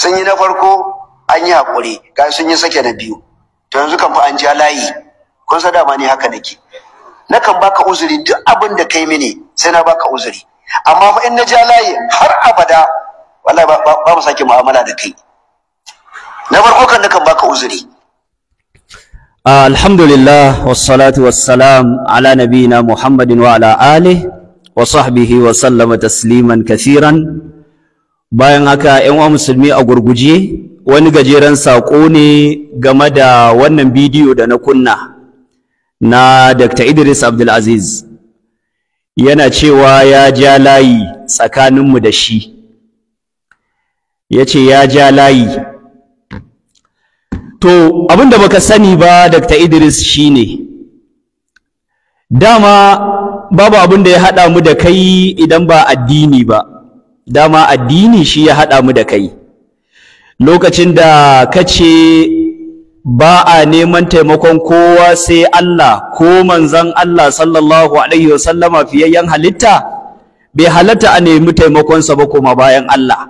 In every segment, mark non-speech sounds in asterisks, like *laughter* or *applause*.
sun yi na farko an yi haƙuri ga sun yi sake na biyu to yanzu kan fa an ja layi kun dama ni haka nake nakan baka uzuri duk abin da kai mini sai na baka uzuri amma fa in na ja layi har abada wallahi ba mu sake mu'amala da kai na farko kan nakan baka uzuri ah, alhamdulillah wassalatu wassalam ala nabiyina muhammadin wa ala alihi wa sahbihi wa sallama tasliman kathiran bayan haka yan uwa musulmi a gurguje wani gajeren saƙo ne game da wannan bidiyo da na kunna na Dr. Idris Abdulaziz yana cewa ya ja layi tsakaninmu da shi ya ce ya ja layi to abinda baka sani ba Dr. Idris shi ne. dama babu abin da ya haɗa mu da kai idan ba addini ba dama addini shi ya haɗa mu da kai lokacin da ka ce ba a neman taimakon kowa sai Allah ko manzon Allah sallallahu alaihi wasallama fiyayyen halitta bai halatta a nemi taimakonsa ba kuma bayan Allah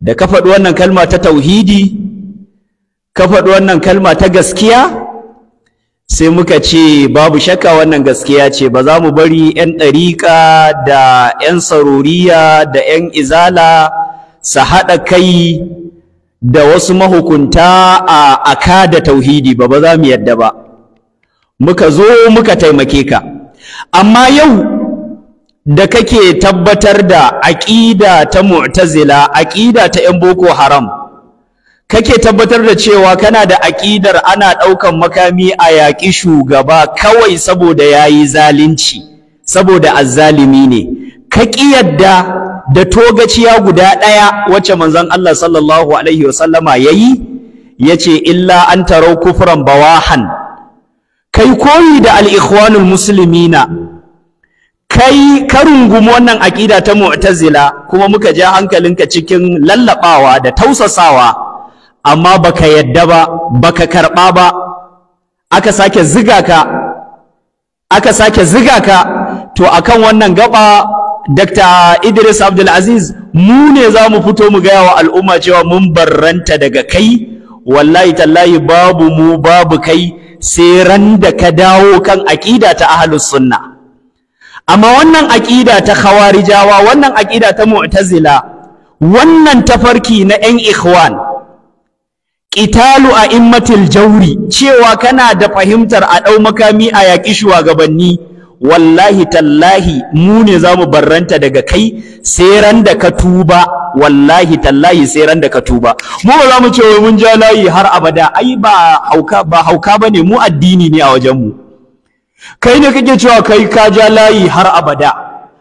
da ka faɗi wannan kalma ta tauhidi ka faɗi wannan kalma ta gaskiya sai muka ce babu shakka wannan gaskiya ce ba za mu bari 'yan ɗariƙa da 'yan saruriya da 'yan izala su haɗa kai da wasu mahukunta a aka da tauhidi ba ba za mu yadda ba muka zo muka taimake ka amma yau da kake tabbatar da aƙida ta mu'tazila aƙida ta 'yan boko haram kake tabbatar da cewa kana da aƙidar ana ɗaukan makami a yaƙi shugaba kawai saboda ya yi zalunci saboda azzalimi ne ka ƙi da togaciya guda ɗaya wacce manzon Allah sallallahu alaihi wasallama ya yi ya ce illa an tarau kufran bawahan kai koyi da al'ikhwanul musulmina kai ka rungumi wannan aƙida ta mu'tazila kuma muka ja hankalinka cikin lallaɓawa da tausasawa amma baka yadda ba baka karɓa ba aka sake ziga ka aka sake ziga ka to akan wannan gaba Dr. Idris Abdulaziz mu ne za mu fito mu gaya wa al'umma cewa mun barranta daga kai wallahi tallahi babu mu babu kai sai ran da ka dawo kan aƙida ta ahlus sunna amma wannan aƙida ta khawarijawa wannan aƙida ta mu'tazila wannan tafarki na 'yan ikhwan ƙitalu a immatil jauri cewa kana da fahimtar a ɗau makami a yaƙi shugabanni wallahi tallahi mu ne za mu barranta daga kai sai ran da ka tuba wallahi tallahi sai ran da ka tuba mu ba za mu ce wai mun ja layi har abada ai ba hauka ba hauka mu addini ne a wajen mu kai ne kake cewa kai ka ja layi har abada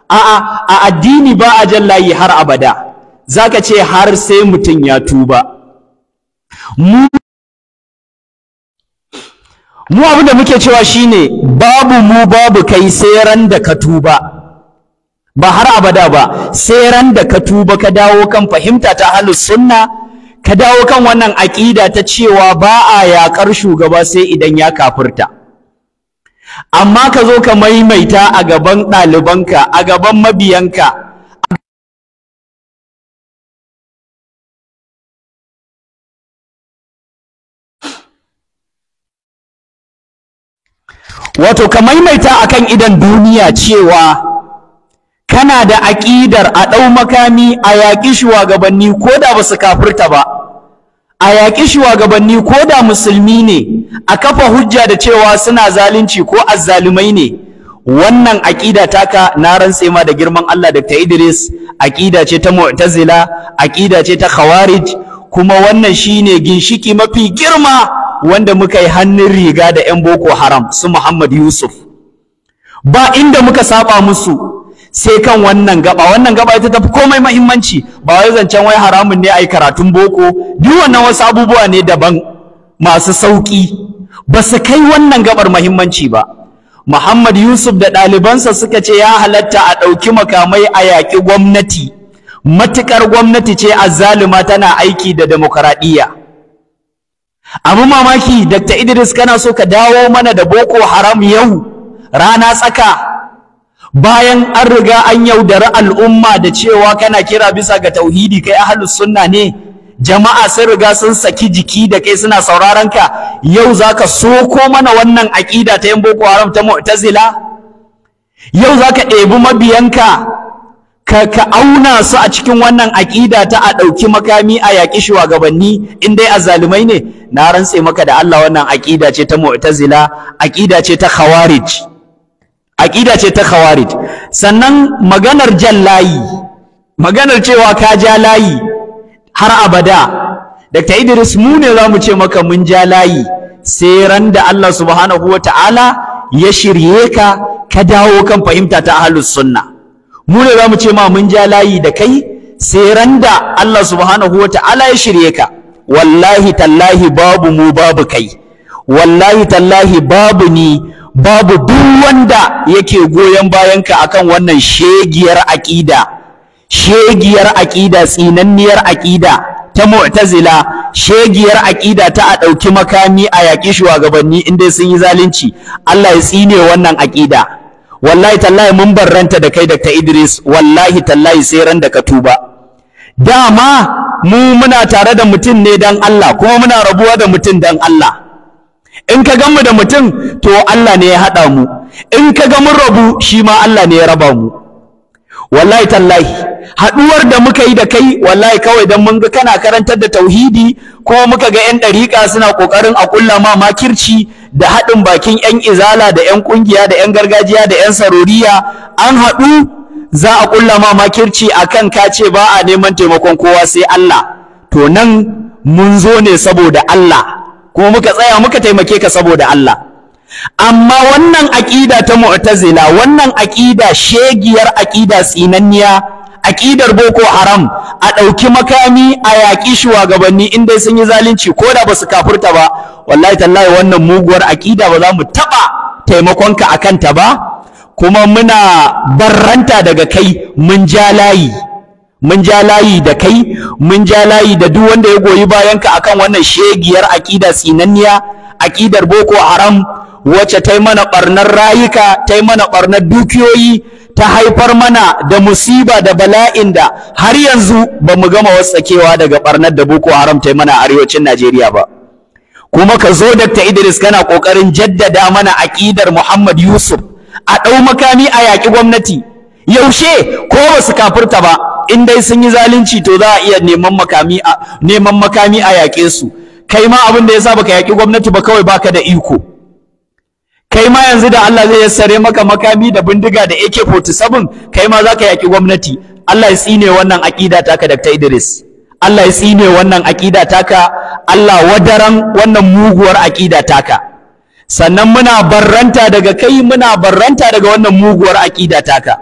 a'a a addini ba a jan layi har abada zaka ce har sai mutum ya tuba mu mu abin da muke cewa shine babu mu babu kai sai ran da ka tuba ba har abada ba sai ran da ka tuba ka dawo kan fahimta ta hali sunna ka dawo kan wannan aƙida ta cewa ba a yaƙar shugaba sai idan ya kafirta amma ka zo ka maimaita a gaban ɗalibanka a gaban mabiyanka wato ka maimaita a kan idan duniya cewa kana da aƙidar a ɗau makami a yaƙi shugabanni ko da ba su kafirta ba a yaƙi shugabanni ko da musulmi ne a kafa hujja da cewa suna zalunci ko azzalumai ne wannan aƙida taka na rantse ma da girman Allah Dr. Idris aƙida ce ta Mu'tazila aƙida ce ta Khawarij kuma wannan shine ginshiki mafi girma wanda muka yi hannun riga da ƴan boko haram su Muhammad Yusuf ba inda muka saba musu sai kan wannan gaba wannan gaba ita tafi komai muhimmanci. ba wai zancen wai haramun ne ai karatun boko duk wannan wasu abubuwa ne daban masu sauki ba su kai wannan gabar muhimmanci ba Muhammad Yusuf da ɗalibansa suka ce ya halatta a ɗauki makamai a yaƙi gwamnati matukar gwamnati ce azzaluma tana aiki da A abu mamaki dr idris kana so ka dawo mana da boko haram yau rana tsaka bayan an riga an yaudari al'umma da cewa kana kira bisa ga tauhidi kai ahlus sunna ne jama'a sun riga sun saki jiki da kai suna sauraron ka yau zaka soko mana wannan aƙida ta yin boko haram ta mu'tazila yau zaka ɗebi mabiyanka ka ka auna su a cikin wannan aƙida ta a ɗauki makami a yaƙi shugabanni in dai azzalumai ne na rantse maka da Allah wannan aƙida ce ta mu'tazila aƙida ce ta khawarij aƙida ce ta khawarij sannan maganar jan layi maganar cewa ka ja layi har abada Dr. Idris mu ne za mu ce maka mun ja layi sai ran da Allah subhanahu wa ta'ala ya shirye ka ka dawo kan fahimta ta ahlus sunna mu ne za mu ce ma mun ja layi da kai sai randa Allah subhanahu wa ta'ala ya shirye ka wallahi tallahi babu mu babu kai wallahi tallahi babu ni babu duk wanda yake goyon bayanka akan wannan shegiyar aƙida shegiyar aƙida tsinanniyar aƙida ta mu'tazila shegiyar aƙida ta a ɗauki makami a yaƙi shugabanni in sun yi zalunci Allah ya tsine wannan aƙida wallahi tallahi mun ranta da kai Dr. Idris wallahi tallahi sai ran da ka tuba dama mu muna tare da mutum ne dan Allah kuma muna rabuwa da mutum dan Allah in ka gan mu da mutum to Allah ne ya haɗa mu in ka ga mun rabu shi ma Allah ne ya raba mu wallahi tallahi haduwar da muka yi da kai wallahi kawai dan mun ga kana karantar da tauhidi ko muka ga yan dariqa suna kokarin a kulla ma makirci da haɗin bakin yan izala da yan kungiya da yan gargajiya da yan saroriya an haɗu za a kulla ma makirci akan ka ce ba a neman taimakon kowa sai Allah to nan mun zo ne saboda Allah kuma muka tsaya muka taimake ka saboda Allah amma wannan aƙida ta mu'tazila wannan aƙida shegiyar aƙida tsinanniya aƙidar boko haram a ɗauki makami a yaƙi shugabanni in dai sun yi zalunci ko da ba su kafurta ba wallahi tallahi wannan muguwar aƙida ba za mu taɓa taimakonka a kanta ba kuma muna barranta daga kai mun ja layi mun ja layi da kai mun ja layi da duk wanda ya goyi bayanka akan wannan shegiyar aƙida tsinanniya aƙidar boko haram wacce ta mana ɓarnar rayuka ta mana ɓarnar dukiyoyi ta haifar mana da musiba da bala'in da har yanzu ba mu gama wasakewa daga ɓarnar da boko haram ta yi mana arewacin najeriya ba kuma ka zo dr idris kana ƙoƙarin jaddada mana aƙidar muhammad yusuf a ɗau makami a yaƙi gwamnati yaushe ko ba su kafirta ba in dai sun yi zalunci to za a iya neman makami a yaƙe su kai ma abin da yasa baka yaƙi gwamnati ba kawai baka da iko kai ma yanzu da Allah zai yassare maka makami da bindiga da AK47 kai ma zaka yaki gwamnati Allah ya tsine wannan aqida taka Dr. Idris Allah ya tsine wannan aqida taka Allah wadaran wannan muguwar aqida taka sannan muna barranta daga kai muna barranta daga wannan muguwar aqida taka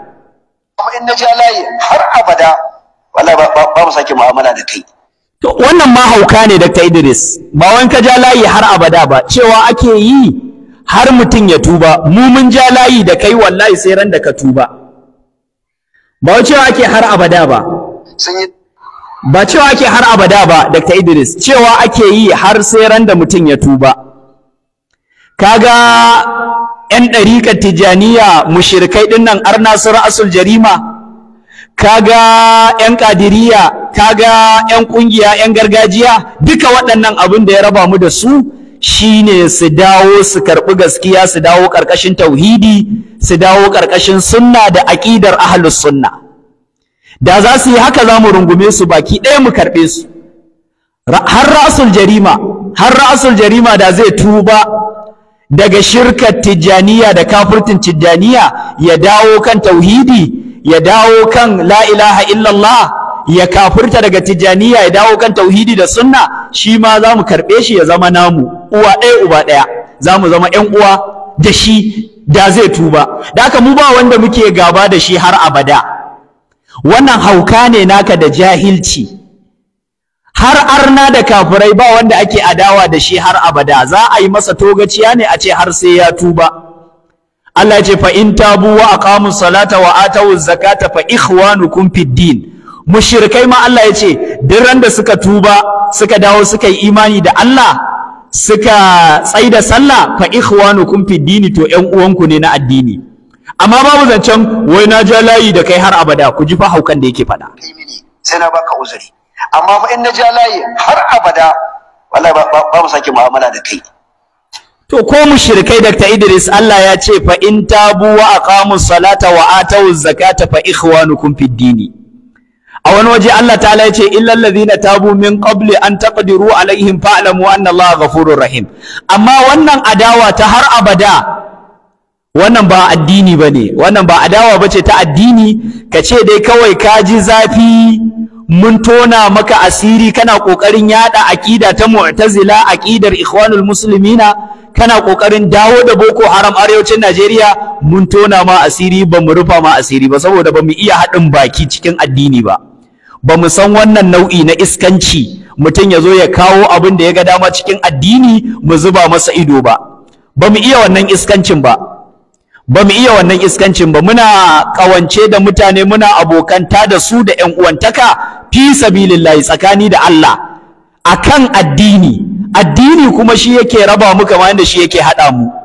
kuma in naji Allah har abada wala ba mu saki mu'amala da kai to wannan ma hauka ne Dr. Idris ba wanka ka ja layi har abada ba cewa ake yi har mutum ya tuba mu mun ja layi da kai wallahi sai ran da ka tuba ba cewa ake har abada ba ba cewa ake har abada ba Dr. Idris cewa ake yi har sai ran da mutum ya tuba kaga yan ɗariƙar tijaniya mushirikai ɗin nan arna su ra'asul jarima kaga yan ƙadiriya kaga yan ƙungiya yan gargajiya duka waɗannan abin da ya raba mu da su shine su dawo su karɓi gaskiya su dawo ƙarƙashin tauhidi su dawo ƙarƙashin sunna da aƙidar ahlus sunna da za su yi haka za mu rungume su baki ɗaya mu karɓe su har ra'asul jarima har rasul jarima da zai tuba daga shirkar tijjaniya da kafirtin tijjaniya ya dawo kan tauhidi ya dawo kan la ilaha illallah ya kafirta daga tijjaniya ya dawo kan tauhidi da sunna shi ma za mu karɓe shi ya zama namu uwa ɗaya uba ɗaya za mu zama ƴan uwa da shi da zai tuba da aka mu ba wanda muke gaba da shi har abada wannan hauka ne naka da jahilci har arna da kafirai ba wanda ake adawa da shi har abada za a yi masa togaciya ne a ce har sai ya tuba Allah ya ce fa in tabu wa aqamu salata wa atu zakata fa ikhwanukum fid din mushrikai ma Allah ya ce duk randa suka tuba suka dawo suka yi imani da Allah suka da sallah fa ikhwanukum fi dini to ƴan uwanku ne na addini amma babu zancen wai na ja layi da kai har abada ku ji fa haukan da yake faɗa sai na baka uzuri amma fa in na ja layi har abada wallahi ba mu sake mu'amala da kai to ko mushrikai Dr. Idris Allah ya ce fa in tabu wa aqamu salata wa atu zakata fa ikhwanukum fi dini a wani waje Allah ta'ala yace illal ladina tabu min qabli an taqdiru alaihim fa'lamu anna Allah ghafurur rahim amma wannan adawa ta har abada wannan ba addini bane wannan ba adawa bace ta addini kace dai kawai ka ji zafi mun tona maka asiri kana kokarin yada aqida ta mu'tazila aqidar ikhwanul muslimina kana kokarin dawo da boko haram arewacin Najeriya mun tona ma asiri ba mu rufa ma asiri ba saboda ba mu iya haɗin baki cikin addini ba ba mu san wannan nau'i na iskanci mutum ya zo ya kawo abin da ya ga dama cikin addini mu zuba masa ido ba ba mu iya wannan iskancin ba ba mu iya wannan iskancin ba muna kawance da mutane muna abokanta da su da ƴan uwantaka fi sabilillahi tsakani da Allah akan addini addini kuma shi yake raba mu kamar yadda shi yake haɗa mu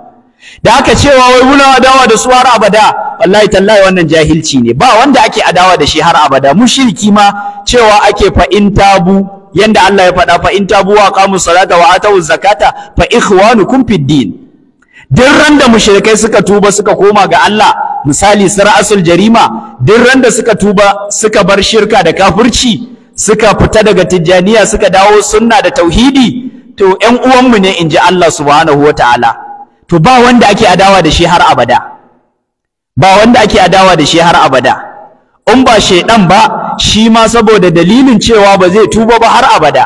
da aka cewa wai muna adawa da su har abada wallahi tallahi wannan jahilci ne ba wanda ake adawa da shi har abada mushriki ma cewa ake fa in tabu yanda Allah ya faɗa fa in tabu wa qamu salata wa atu zakata fa ikhwanukum fid din duk randa mushrikai suka tuba suka koma ga Allah misali asul jarima duk randa suka tuba suka bar shirka da kafirci suka fita daga tijjaniya suka dawo sunna da tauhidi to ƴan uwanmu ne in ji Allah subhanahu wa ta'ala to ba wanda ake adawa da shi har abada ba wanda ake adawa da shi har abada in ba shaidan ba shi ma saboda dalilin cewa ba zai tuba ba har abada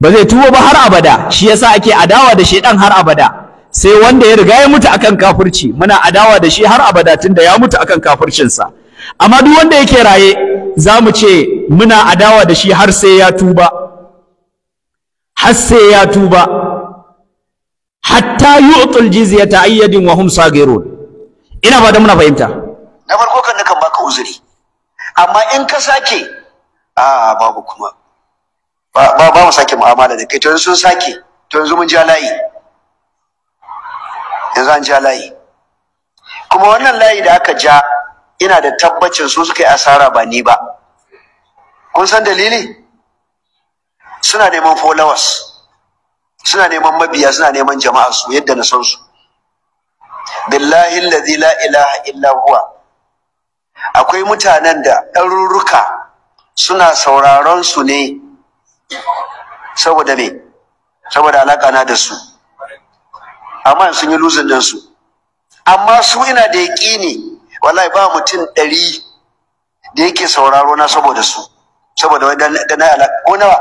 ba zai tuba ba har abada shi yasa ake adawa da shaidan har abada sai wanda ya riga ya mutu akan kafirci muna adawa da shi har abada tunda ya mutu akan kafircinsa amma duk wanda yake raye za mu ce muna adawa da shi har sai ya tuba har sai ya tuba hatta yu'tul ta ayyadin wa hum sagirun ina ba da muna fahimta na farko kan nakan baka uzuri amma in ka sake a babu kuma ba ba mu sake mu'amala da kai to sun sake to yanzu mun ja layi yanzu an ja layi kuma wannan layi da aka ja ina da tabbacin su suka yi asara ba ni ba kun san dalili suna neman followers suna neman mabiya suna neman jama'a su yadda na san su billahi allazi la ilaha illa huwa akwai mutanen da ɗarurruka suna sauraron su ne saboda me saboda alaka na da su amma sun yi luzin din su amma su ina da yaƙini wallahi ba mutum ɗari da yake sauraro na saboda su saboda wai da na ko nawa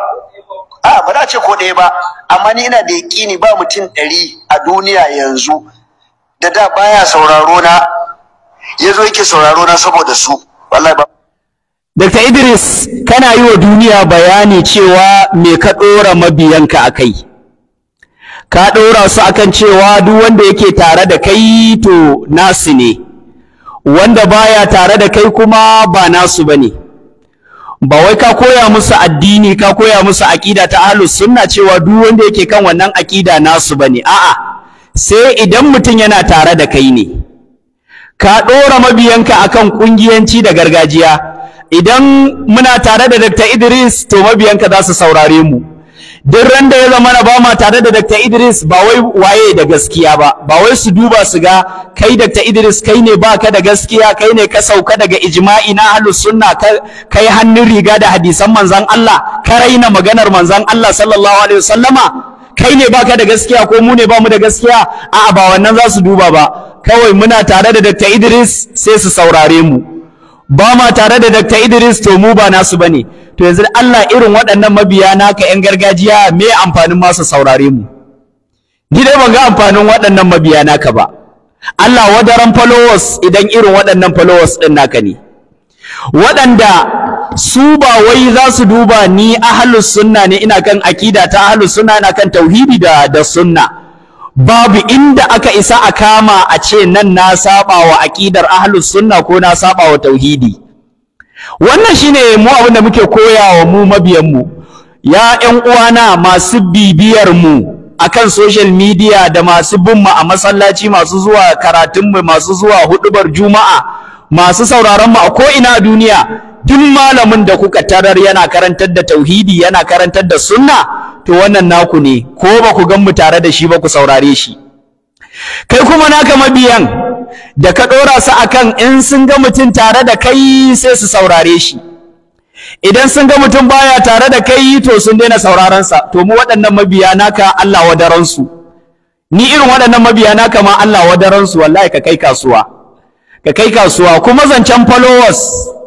A'a ba za a ce ko ɗaya ba amma ni ina da yaƙini ba mutum ɗari a duniya yanzu da da baya sauraro na ya zo yake sauraro na saboda su wallahi ba Dr. Idris kana yi wa duniya bayani cewa me ka ɗora mabiyanka a kai ka ɗora su akan cewa duk wanda yake tare da kai to nasu ne wanda baya tare da kai kuma ba nasu ba ne ba wai ka koya musu addini ka koya musu aƙida ta ahlus sunna cewa duk wanda yake kan wannan aƙida nasu bane a'a sai idan mutum yana tare da kai ne ka ɗora mabiyanka akan ƙungiyanci da gargajiya idan muna tare da Dr. Idris to mabiyanka za su saurare mu duk ran da ya zama na ba ma tare da Dr. Idris ba wai waye da gaskiya ba ba wai su duba su ga kai Dr. Idris kai ne baka da gaskiya kai ne ka sauka daga ijma'i na ahlus sunna kai hannun riga da hadisan manzon Allah ka raina maganar manzon Allah sallallahu alaihi wasallama kai ne baka da gaskiya ko mu ne bamu da gaskiya a'a ba wannan za su duba ba kawai muna tare da Dr. Idris sai su saurare mu ba ma tare da Dr. Idris to mu ba nasu bane to yanzu Allah irin waɗannan mabiya naka 'yan gargajiya me amfanin ma su saurare mu ni dai ban ga amfanin waɗannan mabiya naka ba Allah wadaran followers idan irin waɗannan followers ɗin naka ne waɗanda su ba wai za su duba ni ahlus sunna ne ina kan akida ta ahlus sunna ina kan tauhidi da da sunna babu inda aka isa a kama a ce nan na saba wa aqidar ahlus sunna ko na saba wa tauhidi wannan shine mu abin da muke koyawa mu mabiyan mu ya ƴan uwana masu bibiyar mu akan social media da masu bin mu a masallaci masu zuwa karatun mu masu zuwa hudubar juma'a masu sauraron mu a ko ina duniya duk malamin da kuka tarar yana karantar da tauhidi yana karantar da sunna to wannan naku ne ko ba ku gan mu tare da shi ba ku saurare shi kai kuma naka mabiyan da ka ɗora su akan in sun ga mutum tare da kai sai su saurare shi idan sun ga mutum baya tare da kai to sun daina sauraron sa to mu waɗannan mabiya naka Allah wadaran su ni irin waɗannan mabiya naka ma Allah wadaran su wallahi ka kai kasuwa ka kai kasuwa kuma zancen followers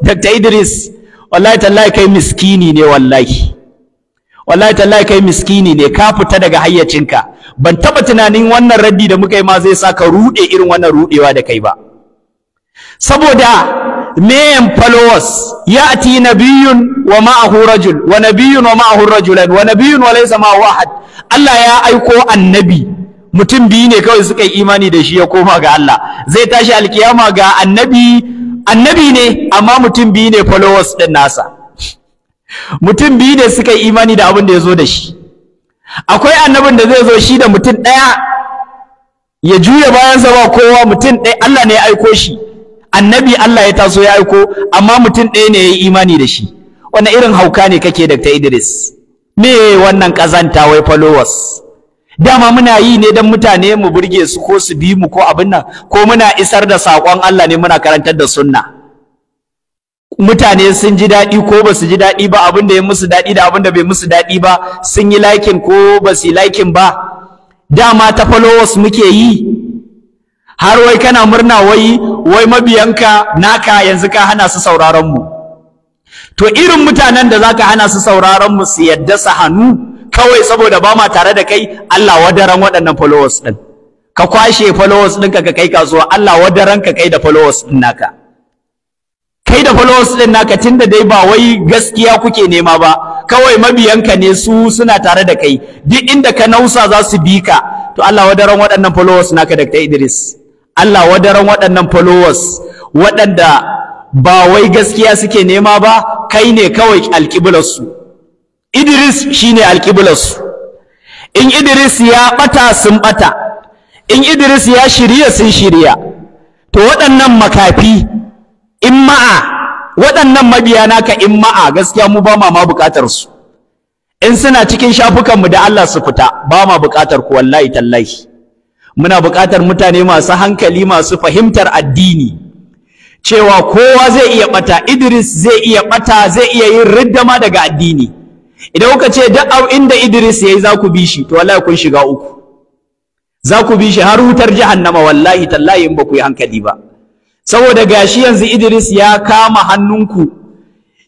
Dr. Idris wallahi tallahi kai miskini ne wallahi wallahi tallahi kai miskini ne ka fita daga hayyacinka ban taba tunanin wannan raddi da muka yi ma zai saka rude irin wannan ruɗewa da kai ba saboda mayan followers ya'ti nabiyun wa ma'ahu rajul wa nabiyun wa ma'ahu rajulan wa nabiyun wa laysa ma'ahu ahad Allah ya aiko annabi mutum biyu ne kawai suka yi imani da shi ya koma ga Allah zai tashi alkiyama ga annabi annabi ne amma mutum biyu ne followers din nasa mutum biyu ne suka yi imani da abin da ya zo da shi akwai annabin da zai zo shi da mutum ɗaya ya juya bayansa ba kowa mutum ɗaya Allah ne ya aiko shi annabi Allah ya taso ya aiko amma mutum ɗaya ne ya yi imani da shi wannan irin hauka ne kake Dr. Idris me wannan kazanta wai followers dama muna yi ne don mutane mu burge su ko su bi mu ko abin nan ko muna isar da saƙon Allah ne muna karantar da sunna mutane sun ji daɗi ko ba su ji daɗi ba abin da ya musu daɗi da abin da bai musu daɗi ba sun yi laikin ko ba su yi laikin ba dama ta followers muke yi har wai kana murna wai wai mabiyanka naka yanzu ka hana su sauraron mu to irin mutanen da zaka hana su sauraron mu su yadda su hannu kawai saboda ba ma tare da kai Allah wadaran waɗannan followers ɗin. ka kwashe followers ɗinka ka kai kasuwa Allah wadaran ka kai da followers ɗin naka kai da followers din naka tunda dai ba wai gaskiya kuke nema ba kawai mabiyanka ne su suna tare da kai duk inda ka nausa za su bi ka to Allah wadaran waɗannan followers naka Dr. Idris Allah wadaran waɗannan followers waɗanda ba wai gaskiya suke nema ba kai ne kawai su Idris shine su in Idris ya bata sun bata in Idris ya shirya sun shirya to waɗannan makafi in waɗannan mabiya naka in gaskiya mu ba ma ma buƙatar su in suna cikin shafukan mu da Allah su fita ba ma buƙatar ku wallahi tallahi muna buƙatar mutane masu hankali masu fahimtar addini cewa kowa zai iya bata Idris zai iya bata zai iya yin riddama daga addini idan kuka ce duk au inda Idris yayi za ku bi shi to wallahi kun shiga uku za ku bi shi har wutar jahannama wallahi tallahi in ba ku yi hankali ba saboda gashi yanzu Idris ya kama hannunku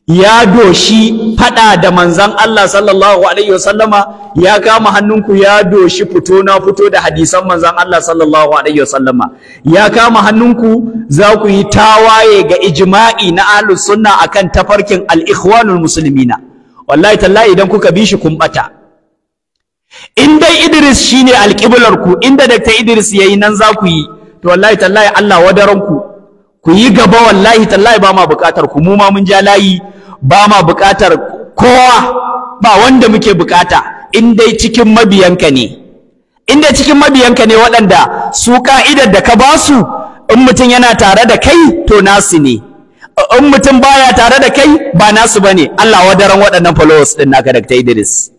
ya doshi fada da manzan Allah sallallahu alaihi wasallama ya kama hannunku ya doshi fito na fito da hadisan manzan Allah sallallahu alaihi wasallama ya kama hannunku za ku yi tawaye ga ijma'i na ahlus sunna akan tafarkin al-ikhwanul muslimina wallahi tallahi idan kuka bi shi kun bata in dai Idris shine alƙiblar ku inda Dr. Idris yayi nan za ku yi to wallahi tallahi Allah wadaranku ku yi gaba wallahi tallahi ba ma buƙatar ku mu ma mun ja layi ba ma buƙatar kowa ba wanda muke buƙata in dai cikin mabiyanka ne in dai cikin mabiyanka ne waɗanda su ka'idar da ka ba su in mutum yana tare da kai to nasu ne in mutum baya tare da kai ba nasu ba ne. Allah wadaran waɗannan followers ɗin naka Dr. Idris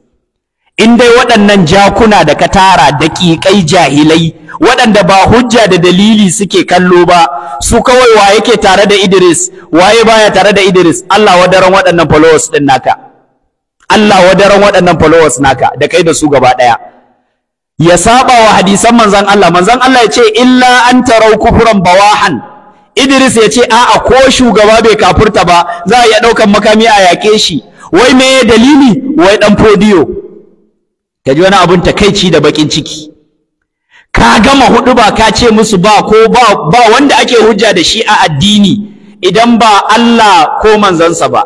in dai waɗannan jakuna da ka tara daƙiƙai jahilai waɗanda ba hujja da dalili suke kallo ba su kawai wa yake tare da Idris waye baya tare da Idris Allah wadaran waɗannan followers ɗin naka Allah wadaran waɗannan followers naka da kai da su gaba ɗaya ya saba wa hadisan manzan Allah Manzan Allah ya ce illa an tarau kufuran bawahan Idris ya ce a'a ko shugaba bai kafurta ba za a iya ɗaukan makami a yaƙe shi wai me dalili wai ɗan fodiyo ka ji wani abun takaici da bakin ciki ka gama hudu ba ka ce musu ba ko ba, ba wanda ake hujja da shi a addini idan ba Allah ko manzansa ba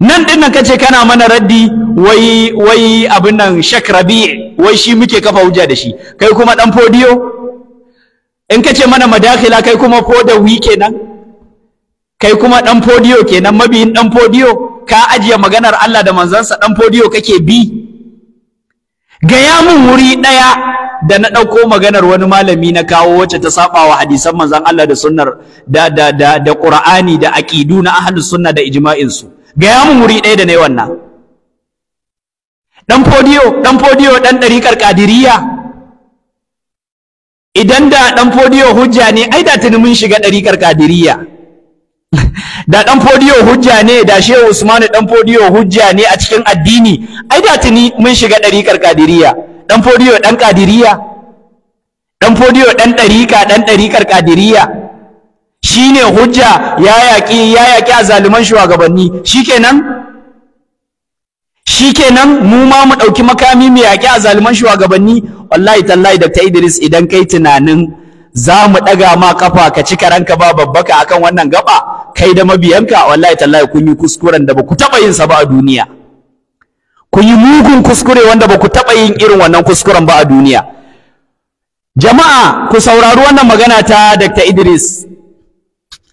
nan din nan kace kana mana raddi wai wai abin nan shak wai shi muke kafa hujja da shi kai kuma dan fodiyo in kace mana madakhila kai kuma wi kenan kai kuma dan fodiyo kenan mabiyin dan fodiyo ka ajiye maganar Allah da manzansa dan fodiyo kake bi gaya mun wuri ɗaya da na ɗauko maganar wani malami na kawo wacce ta saba wa hadisan manzon Allah da sunnar da da da da Qur'ani da aqidu na ahlus sunna da ijma'in su gaya mun wuri ɗaya da nayi wannan dan fodiyo dan podio dan dariƙar idan da dan fodiyo hujja ne ai da tuni mun shiga dariƙar kadiriya. *laughs* da dan fodiyo hujja ne da shehu usmanu dan fodiyo hujja ne a cikin addini ai da tuni mun shiga ɗariƙar kadiriya dan fodiyo dan kadiriya dan fodiyo dan ɗariƙa dan ɗariƙar kadiriya shine hujja ya yaƙi ya yaki a zaluman shugabanni shikenan shikenan mu ma mu ɗauki makami mu yaƙi a zaluman shugabanni wallahi tallahi dr idris idan kai tunanin za mu ɗaga ma kafa ka ci karanka ba babbaka akan wannan gaba kai da mabiyanka wallahi tallahi kun yi kuskuren da ba ku taɓa yin sa ba a duniya kun yi mugun kuskure wanda ba ku taɓa yin irin wannan kuskuren ba a duniya jama'a ku saurari wannan magana ta Dr. Idris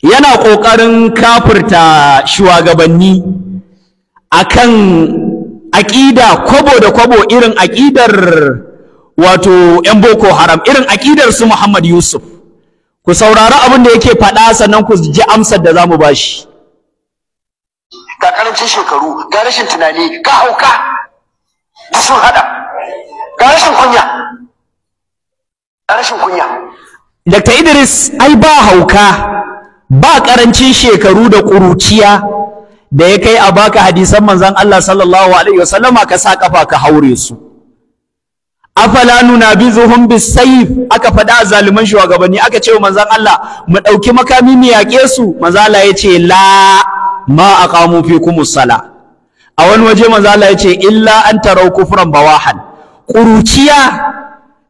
yana ƙoƙarin kafurta shugabanni akan aƙida kwabo da kwabo irin aƙidar wato 'yan boko haram irin aƙidar su Muhammad Yusuf ku saurari abin da yake faɗa sannan ku ji amsar da zamu bashi ga karancin shekaru ga rashin tunani ga hauka da sun haɗa ga rashin kunya ga rashin kunya Dr. Idris ai ba hauka ba karancin shekaru da ƙuruciya da ya kai a baka hadisan manzon Allah sallallahu alaihi wasallama ka sa kafa ka haure su afala nunabizuhum bisayf aka faɗa zaluman shugabanni aka ce wa manzon Allah mu ɗauki makami mu yaƙe su manzon Allah ya ce la ma aqamu fikum sala a wani waje manzon Allah ya ce illa an tarau kufran bawahan ƙuruciya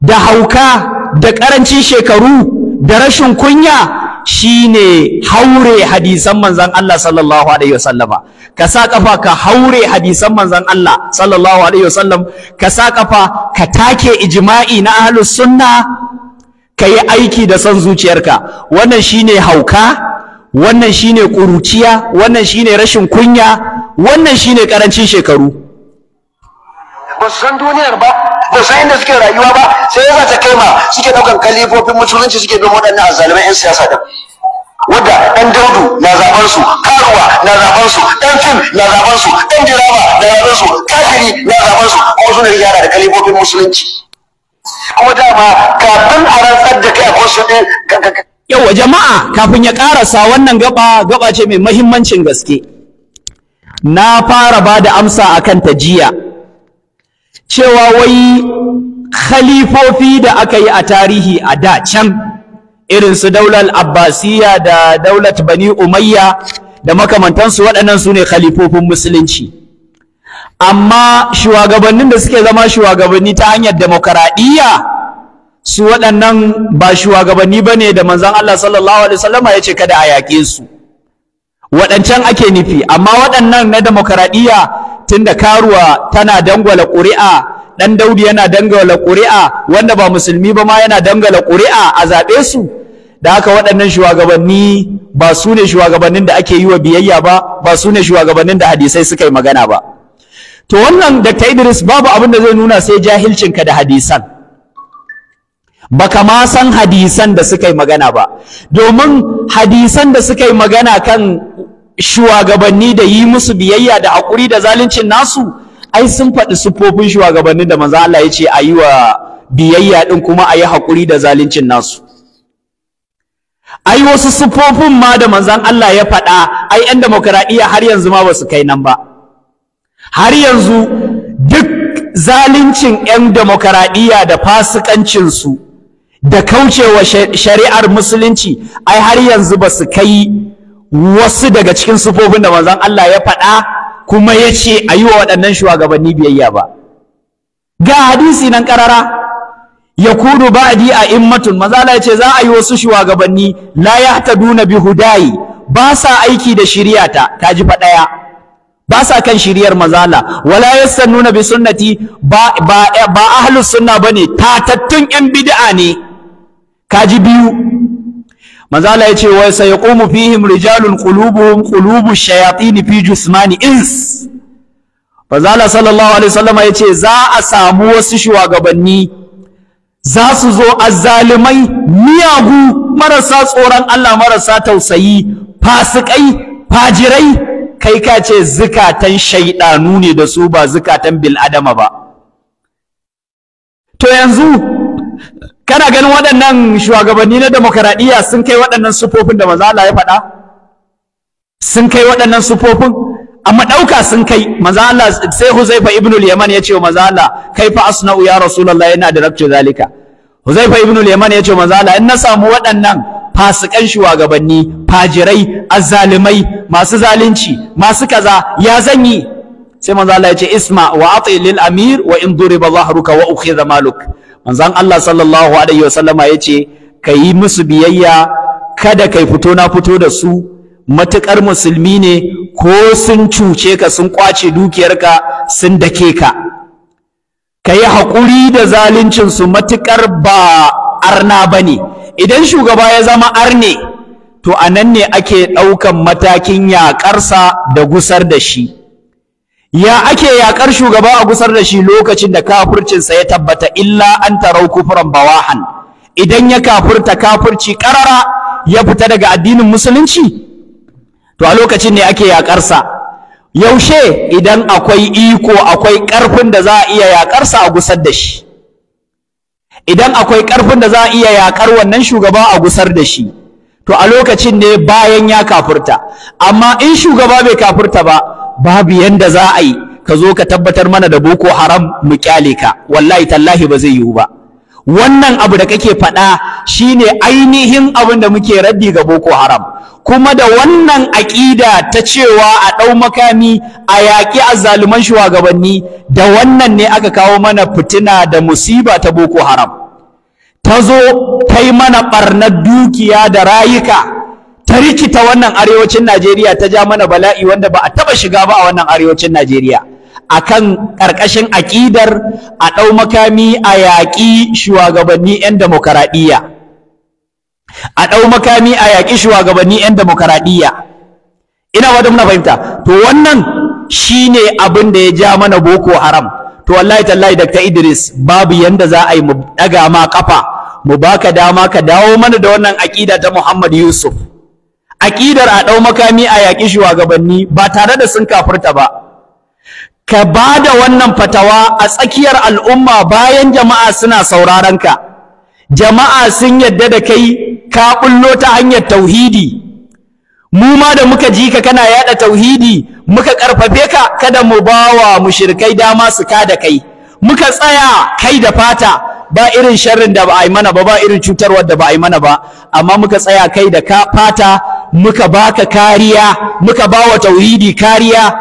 da hauka da ƙarancin shekaru da rashin kunya shine haure hadisan manzon Allah sallallahu alaihi wasallam ka sa kafa ka haure hadisan manzon Allah sallallahu alaihi wasallam ka sa kafa ka take ijma'i na ahlus sunna ka yi aiki da son zuciyarka wannan shine hauka wannan shine ƙuruciya wannan shine rashin kunya wannan shine karancin shekaru ba san duniyar ba ba san inda suke rayuwa ba sai yasa ta kai ma suke daukan kalifofin musulunci suke bin waɗannan azzalumai yan siyasa da wadda ɗan daudu na zaɓar su karuwa na zaɓar su ɗan fim na zaɓar su ɗan dirama na zaɓar su kafiri na zaɓar su kuma suna yara da kalifofin musulunci kuma dama kafin a rantsar da kai a kwasu yawa jama'a kafin ya karasa wannan gaba gaba ce mai mahimmancin gaske na fara ba da amsa akan ta jiya cewa wai khalifofi da aka yi a tarihi a da can irin su daular abbasiya da daular bani umayya da makamantansu waɗannan su ne khalifofin musulunci amma shugabannin da suke zama shugabanni ta hanyar demokaraɗiyya su waɗannan ba shugabanni ba ne da manzan Allah sallallahu alaihi wasallama ya ce kada a yaƙe su waɗancan ake nufi amma waɗannan na demokaraɗiyya tunda karuwa tana dangwala ƙuri'a dan daudi yana dangwala ƙuri'a wanda ba musulmi ba ma yana dangwala ƙuri'a a zaɓe su da haka waɗannan shugabanni ba su ne shugabannin da ake yi wa biyayya ba ba su ne shugabannin da hadisai suka yi magana ba to wannan da Idris babu abin da zai nuna sai jahilcinka da hadisan baka ma san hadisan da suka yi magana ba domin hadisan da suka yi magana kan shugabanni da yi musu biyayya da hakuri da zaluncin nasu ai sun faɗi siffofin shugabanni da manzo Allah ya ce a yi wa biyayya ɗin kuma a yi haƙuri da zaluncin nasu ai wasu siffofin ma da manzon Allah ya faɗa ai 'yan demokaraɗiyya har yanzu ma ba kai nan ba har yanzu duk zaluncin 'yan demokaraɗiyya da fasikancinsu da kaucewa shari'ar musulunci ai har yanzu ba kai wasu daga cikin sufofin da manzon Allah ya faɗa kuma ya ce a yi wa waɗannan shugabanni biyayya ba ga hadisi nan ƙarara ya kudu ba a immatun manzon Allah ya ce za a yi wasu shugabanni la duna bi hudayi ba sa aiki da shirya ta Ta ji faɗaya. ba sa kan shiriyar mazala wala nuna bi sunnati ba ba, ba ahlus sunna bane tatattun yan bid'a ne Ka ji biyu manzo Allah yace wa sayaqumu fihim rijalun qulubuhum qulubu shayatin fi jismani ins fazala sallallahu alaihi wasallam yace za a samu wasu shugabanni za su zo azzalimai miyagu marasa tsoron Allah marasa tausayi fasikai fajirai kai ka ce zukatan shaydanu ne da su ba zukatan bil adama ba to yanzu kana ganin waɗannan shugabanni na demokaradiyya sun kai waɗannan sufofin da manzo Allah ya faɗa sun kai waɗannan sufofin amma ɗauka sun kai manzo Allah sai Huzaifa ibn al-Yaman ya ce wa manzo Allah fa asna'u ya Rasulullah yana da rakto zalika Huzaifa ibn al-Yaman ya ce wa manzo Allah in na samu waɗannan fasikan shugabanni fajirai azzalimai masu zalunci masu kaza ya zanyi? sai manzo Allah ya ce isma wa ati lil amir wa in duriba dhahruka wa ukhidha maluk manzan Allah sallallahu alaihi wasallama ka yi musu biyayya kada kai fito na fito da su Matuƙar musulmi ne ko sun cuce ka sun ƙwace dukiyarka sun dake ka Ka yi haƙuri da zaluncin su matukar ba arna bane idan shugaba ya zama arne to anan ne ake ɗaukan matakin yaƙarsa da gusar da shi ya ake yaƙar shugaba a gusar da shi lokacin da kafircinsa ya tabbata illa an tarau kufran bawahan idan ya kafurta kafirci ƙarara ya fita daga addinin musulunci to a lokacin ne ake sa, yaushe idan akwai iko akwai karfin da za a iya yakarsa a gusar da shi idan akwai ƙarfin da za a iya yakar wannan shugaba a gusar da shi to a lokacin ne bayan ya kafurta, amma in shugaba bai kafurta ba babu yanda za a yi ka zo ka tabbatar mana da boko haram mu kyale ka wallahi tallahi ba zai yiwu ba wannan abu da kake faɗa shine ainihin abin da muke raddi ga boko haram kuma da wannan aƙida ta cewa a ɗau makami a yaƙi azzaluman shugabanni da wannan ne aka kawo mana fitina da musiba ta boko haram ta zo ta yi mana ɓarnar dukiya da rayuka ta rikita wannan arewacin Najeriya ta ja mana bala'i wanda ba a taba shiga ba a wannan arewacin Najeriya akan karkashin aƙidar a ɗau makami a yaki shugabanni 'yan demokradiya a ɗau makami a yaƙi shugabanni 'yan demokradiya ina wadum na fahimta to wannan shine abin da ya ja mana boko haram to wallahi tallahi Dr. Idris babu yanda za a yi mu ɗaga ma kafa mu baka dama ka dawo mana da wannan aƙida ta Muhammad Yusuf aƙidar a ɗau makami a yaƙi shugabanni ba tare da sun kafirta ba ka ba da wannan fatawa a tsakiyar al'umma bayan jama'a suna sauraron ka jama'a sun yadda da kai ka bullo ta hanyar tauhidi mu ma da muka ji ka kana yaɗa tauhidi muka ƙarfafe ka kada mu ba wa mushrikai dama su ka da kai muka tsaya kai da fata ba irin sharrin da ba a yi mana ba ba irin cutarwar da ba a yi mana ba amma muka tsaya kai da ka fata muka baka kariya muka bawa tauhidi kariya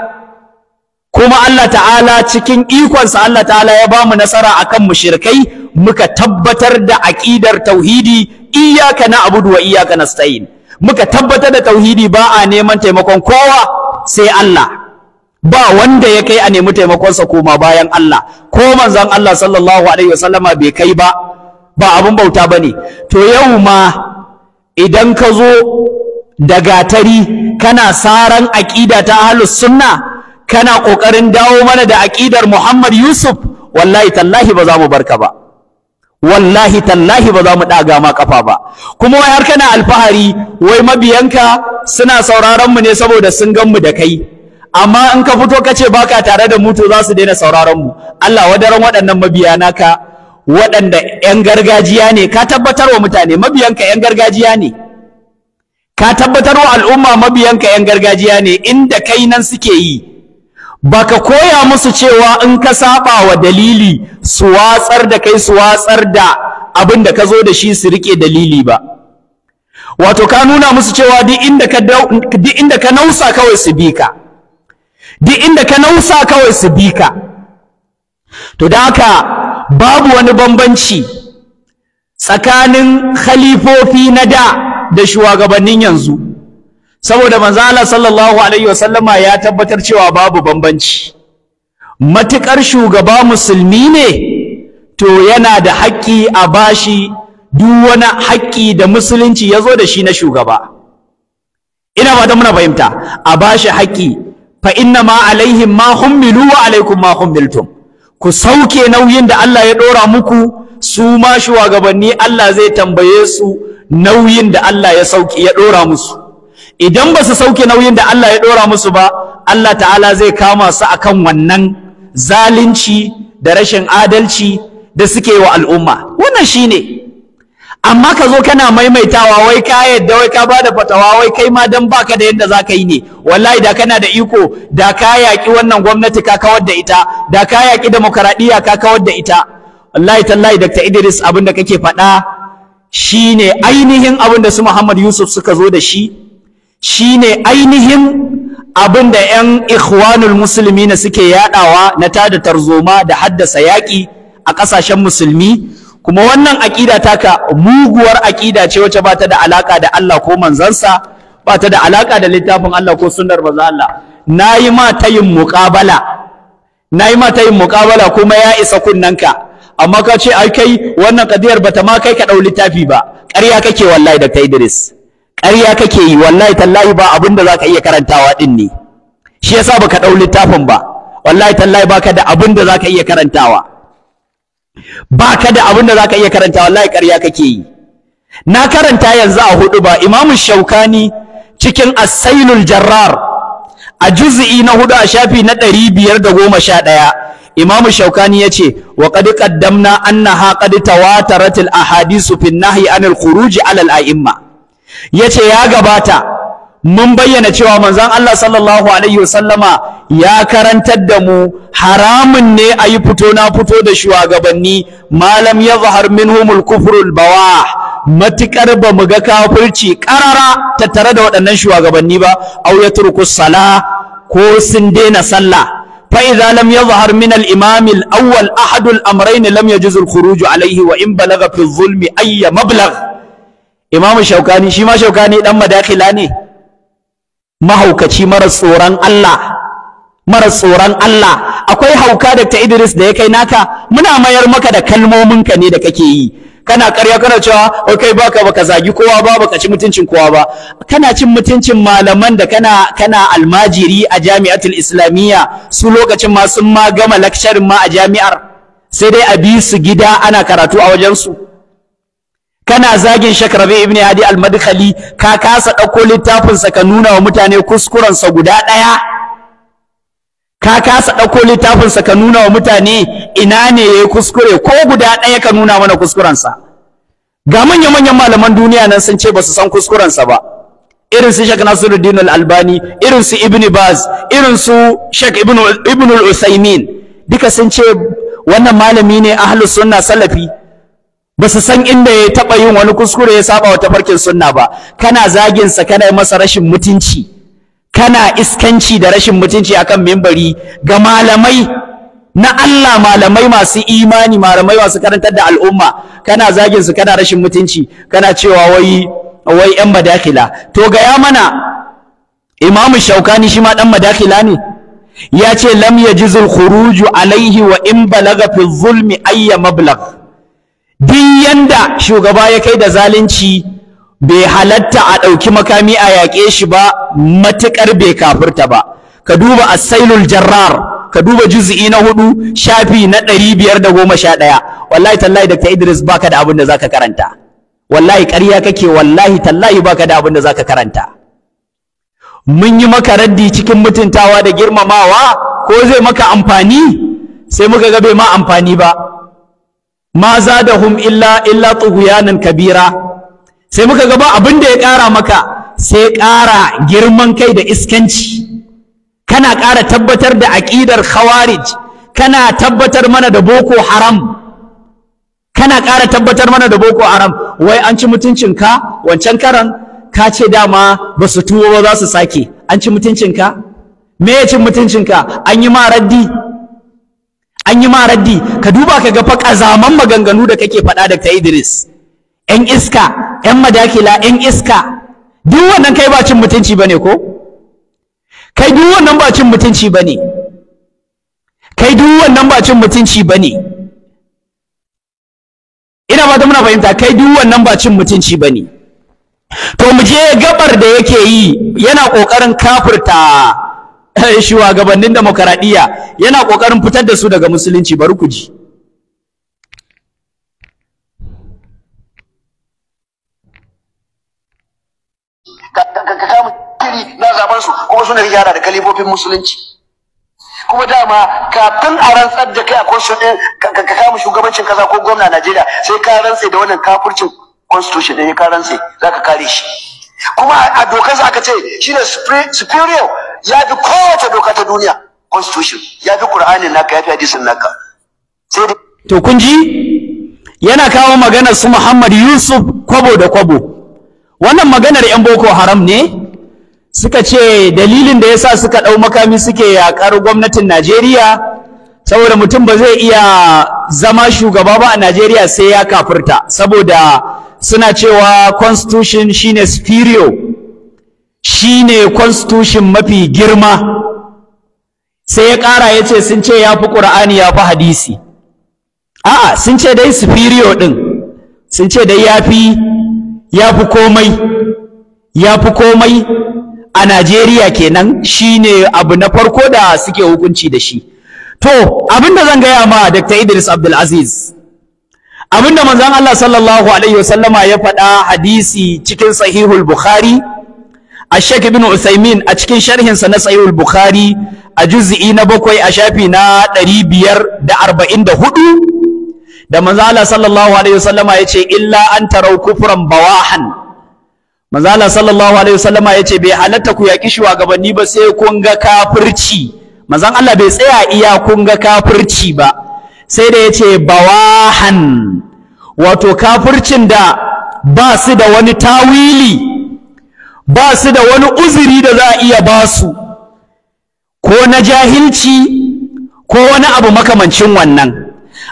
kuma Allah ta'ala cikin ikonsa Allah ta'ala ya bamu nasara akan mushrikai muka tabbatar da aqidar tauhidi iyyaka na'budu wa iyyaka nasta'in muka tabbatar da tauhidi ba a neman taimakon kowa sai Allah ba wanda ya kai a nemi taimakonsa koma bayan Allah ko manzon Allah sallallahu alaihi wasallama bai kai ba ba abun bauta bane to yau ma idan ka zo da gatari kana saran aƙida ta ahlus sunna kana ƙoƙarin dawo mana da aƙidar Muhammad Yusuf wallahi tallahi ba za mu barka ba wallahi tallahi ba za mu ɗaga ma kafa ba kuma wai har kana alfahari wai mabiyanka suna sauraron mu ne saboda sun gan mu da kai amma in ka fito ka ce baka tare da mu to za su daina sauraron mu Allah wadaran waɗannan mabiya naka waɗanda 'yan gargajiya ne ka tabbatar wa mutane mabiyanka 'yan gargajiya ne ka tabbatar wa al'umma mabiyanka 'yan gargajiya ne inda kai nan suke yi baka koya musu cewa in ka saba wa dalili su watsar da kai su watsar da abin da ka zo da shi su rike dalili ba wato ka nuna musu cewa duk inda ka nausa kawai su bi ka duk inda ka nausa kawai su bi ka to da haka babu wani bambanci tsakanin khalifofi na da da shugabannin yanzu saboda Manzala sallallahu alaihi wasallama ya tabbatar cewa babu bambanci matukar shugaba musulmi ne to yana da haƙƙi a bashi duk wani haƙƙi da musulunci ya zo da shi na shugaba ina ba da muna fahimta a bashi haƙƙi fa inna ma alaihim ma hummilu wa alaikum ma hummiltum ku sauke nauyin da Allah ya ɗora muku su ma shugabanni Allah zai tambaye su nauyin da Allah ya sauki ya dora musu idan ba su sauke nauyin da Allah ya ɗora musu ba Allah ta'ala zai kama su akan wannan zalunci da rashin adalci da suke wa al'umma wannan shine amma ka zo kana maimaitawa wai ka yadda wai ka bada fatawa wai kai ma dan baka da yadda za ka yi ne wallahi da kana da iko da ka yaki wannan gwamnati ka kawar da ita da ka yaki demokradiya ka kawar da ita wallahi tallahi Dr. Idris abinda kake faɗa shi ne ainihin abin da su Muhammad Yusuf suka zo da shi shi ne ainihin abin da 'yan ikhwanul musulmi na suke yaɗawa na tada tarzoma da haddasa yaƙi a ƙasashen musulmi kuma wannan aƙida taka muguwar aƙida ce wacce ba ta da alaƙa da Allah ko manzansa ba ta da alaƙa da littafin Allah ko sunnar manzon Allah na yi ma ta yin muƙabala na yi ma ta yin muƙabala kuma ya isa kunnanka amma ka ce ai kai wannan kadiyar bata ma kai ka dau littafi ba ƙarya kake wallahi da Idris ƙarya kake yi wallahi tallahi ba abin da zaka iya karantawa din ne shi yasa baka dau littafin ba wallahi tallahi baka da abin da zaka iya karantawa baka da abin da zaka iya karantawa wallahi ƙarya kake yi na karanta yanzu a hudu ba Imam Shaukani cikin As-Sailul Jarrar a juz'i na hudu a shafi na ɗari biyar da goma sha ɗaya imamu shaukani ya ce wa qad qaddamna annaha qad tawatarat al ahadisu fi nahyi anil khuruj ala a'imma yace ya gabata mun bayyana cewa manzon Allah sallallahu alaihi wasallama ya karantar da mu haramun ne a yi fito na fito da shugabanni malam ya zahar minhumul kufrul bawa matukar ba mu ga kafirci karara tattare da waɗannan shugabanni ba au ya turku sala ko sun daina sallah فإذا لم يظهر من الإمام الأول أحد الأمرين لم يجوز الخروج عليه وإن بلغ في الظلم أي مبلغ إمام الشوكاني شيما شوكاني لما داخلاني ما هو كشي مرس صوران الله مرس صوران الله أكوي هوكا دكتا إدريس ديكي ناكا منا ما يرمك دا كلمو منك نيدك كي kana ƙarya kana cewa wai kai baka baka zagi kowa ba baka ci mutuncin kowa ba kana cin mutuncin malaman da kana kana almajiri a jami'atul islamiyya su lokacin ma sun ma gama lecturing ma a jami'ar sai dai a bi su gida ana karatu a wajen su kana zagin shakrabe ibn hadi al-madkhali ka kasa ɗauko littafinsa ka nuna wa mutane kuskurensa guda ɗaya ka kasa ɗauko littafinsa ka nuna wa mutane ina ne ya yi kuskure ko guda ɗaya ka nuna mana kuskurensa ga manya-manyan malaman duniya nan sun ce ba su san kuskurensa ba irin su shek Nasiruddin Al-Albani irin su Ibn Baz irin su shek Ibn Ibn Al-Usaymin duka sun ce wannan malami ne ahlus sunna salafi ba su san inda ya taɓa yin wani kuskure ya saba wa tafarkin sunna ba kana zagin sa kana masa rashin mutunci kana iskanci da rashin mutunci akan mimbari ga malamai na Allah malamai masu imani malamai masu karantar da al'umma kana zagin su kana rashin mutunci kana cewa wai wai yan madakila to ga ya mana Imam shaukani shi ma dan madakila ne ya ce lam yajizul khuruju alaihi wa in balaga fi zulmi ayya mablagh din yanda shugaba ya kai da zalunci bai halatta a ɗauki makami a yaƙe shi ba matuƙar bai kafirta ba ka duba asailul jarrar ka duba juz'i na hudu shafi na ɗari biyar da goma sha ɗaya wallahi tallahi dr idris baka da abin da zaka karanta wallahi ƙarya kake wallahi tallahi baka da abin da zaka karanta mun yi maka raddi cikin mutuntawa da girmamawa ko zai maka amfani sai muka ga bai ma amfani ba ma zadahum illa illa tughyanan kabira sai muka gaba abin da ya ƙara maka sai ƙara girman kai da iskanci kana ƙara tabbatar da aƙidar khawarij kana tabbatar mana da boko haram kana ƙara tabbatar mana da boko haram wai an ci mutuncinka wancan karan ka ce dama ba su tuwo ba za su sake an ci mutuncinka me ya ci mutuncinka an yi ma raddi an yi ma raddi ka duba ka ga fa ƙazaman maganganu da kake faɗa da ta idris 'yan iska 'yan madakila 'yan iska duk wannan kai ba cin mutunci ne, ko kai duk wannan ba cin mutunci ne. kai duk wannan ba cin mutunci ne. ina ba muna fahimta kai duk wannan ba cin mutunci ba ne. to mu je gabar da yake yi yana ƙoƙarin kafurta eh, shugabannin demokaradiyya yana ƙoƙarin fitar da su daga musulunci bari ku ji littattafansu kuma suna yara da kalifofin musulunci kuma dama kafin a rantsar da kai a constitution ɗin ka kama shugabancin kasa ko gwamna Najeriya sai ka rantse da wannan kafurcin constitution ɗin ka rantse za ka kare shi kuma a dokar aka ce shine superior ya fi kowace doka ta duniya constitution ya fi qur'anin naka ya fi hadisin naka to kun ji yana kawo maganar su Muhammad Yusuf kwabo da kwabo wannan maganar 'yan boko haram ne suka ce dalilin da yasa suka ɗau makami suke yaƙar gwamnatin Najeriya saboda mutum ba zai iya zama shugaba ba a Najeriya sai ya kafirta saboda suna cewa constitution shine superior shine constitution mafi girma sai ya ƙara yace ce sun ce yafi fi ƙur'ani ya fi hadisi a'a sun ce dai superior din, sun ce dai yafi yafi komai ya komai a Najeriya kenan shine abu na farko da suke hukunci da shi to abinda zan gaya ma Dr. Idris Abdul Aziz abinda manzon Allah sallallahu alaihi wasallama ya faɗa hadisi cikin sahihul Bukhari a Sheikh Ibn Usaimin a cikin sharhinsa na sahihul Bukhari a juz'i na bakwai a shafi na ɗari biyar da arba'in da hudu da manzo Allah sallallahu alaihi wasallama ya ce illa an tarau kufran bawahan manzo sallallahu alaihi wasallama yace bai halatta ku yaki shugabanni ba sai kun ga kafirci manzon Allah bai tsaya iya kun ga kafirci ba sai da yace bawahan wato kafircin da ba su da wani tawili ba su da wani uzuri da za a iya ba su ko na jahilci ko wani abu makamancin wannan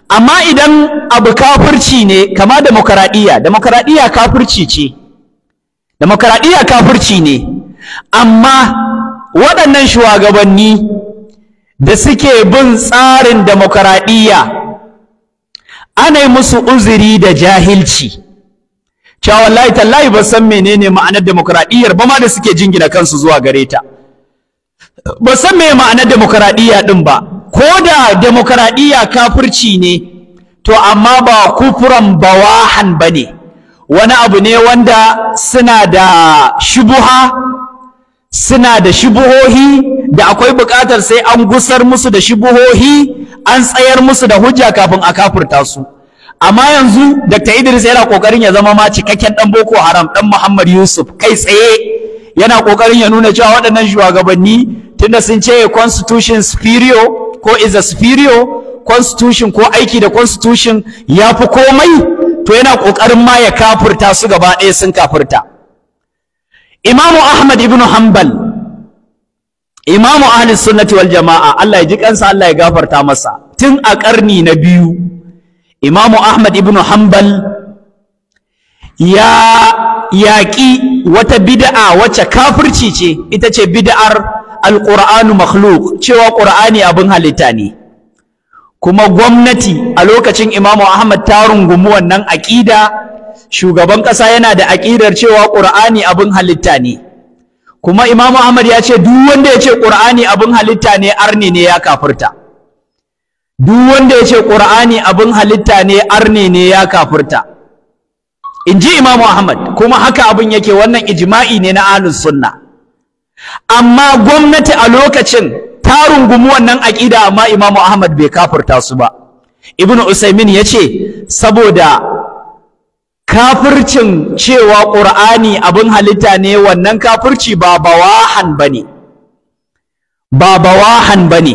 amma idan abu kafirci ne kama demokaradiyya demokaradiyya kafirci ce demokradiya kafirci ne amma waɗannan shugabanni da suke bin tsarin demokradiya ana yi musu uzuri da jahilci cewa wallahi tallahi ba san menene ma'anar demokradiyar ba ma da suke jingina kansu zuwa gare ta ba san me ma'anar demokradiyya din ba ko da demokradiyya kafirci ne to amma ba kufuran bawahan bane wani abu ne wanda suna da shubuha suna da shubuhohi da akwai buƙatar sai an gusar musu da shubuhohi an tsayar musu da hujja kafin a kafurta su amma yanzu Dr. Idris yana ƙoƙarin ya zama ma cikakken dan Boko Haram ɗan Muhammad Yusuf kai tsaye yana kokarin ya nuna cewa waɗannan shugabanni tunda sun ce constitution superior ko is a superior constitution ko aiki da constitution ya fi komai to yana ƙoƙarin ma ya kafurta su gaba ɗaya sun kafurta imamu ahmad ibn hanbal imamu ahli sunnati wal jama'a Allah ya ji kansa Allah ya gafarta masa tun a ƙarni na biyu imamu ahmad ibn hanbal ya yaƙi wata bid'a wacce kafirci ce ita ce bid'ar alƙur'anu makhluk cewa ƙur'ani abin halitta ne kuma gwamnati a lokacin imamu ahmad ta rungumi wannan aƙida shugaban ƙasa yana da aƙidar cewa ƙur'ani abin halitta ne kuma imamu ahmad ya ce duk wanda ya ce ƙur'ani abin halitta ne arni ne ya kafirta duk wanda ya ce ƙur'ani abin halitta ne arni ne ya kafirta in ji imamu ahmad kuma haka abin yake wannan ijma'i ne na ahlus sunna amma gwamnati a lokacin ta rungumi wannan aƙida amma imam ahmad bai kafirta su ba ibn usaimin ya ce saboda kafircin cewa ƙur'ani abin halitta ne wannan kafirci ba bawahan ba ne ba bawahan ba ne